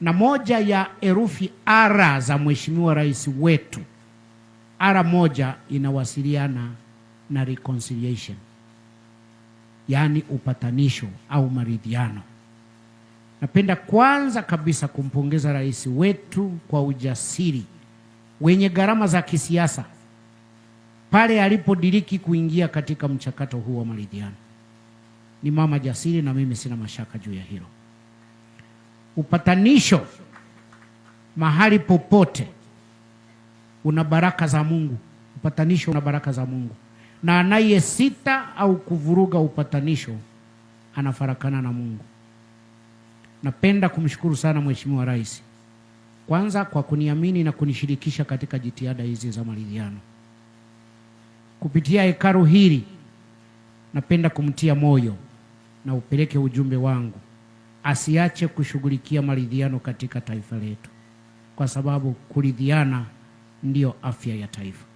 na moja ya herufi ara za mheshimiwa rais wetu, ara moja inawasiliana na reconciliation, yaani upatanisho au maridhiano. Napenda kwanza kabisa kumpongeza rais wetu kwa ujasiri wenye gharama za kisiasa pale alipodiriki kuingia katika mchakato huu wa maridhiano. Ni mama jasiri, na mimi sina mashaka juu ya hilo. Upatanisho mahali popote una baraka za Mungu. Upatanisho una baraka za Mungu, na anayesita au kuvuruga upatanisho anafarakana na Mungu. Napenda kumshukuru sana Mheshimiwa Rais kwanza kwa kuniamini na kunishirikisha katika jitihada hizi za maridhiano. Kupitia hekalu hili, napenda kumtia moyo na upeleke ujumbe wangu asiache kushughulikia maridhiano katika taifa letu, kwa sababu kuridhiana ndiyo afya ya taifa.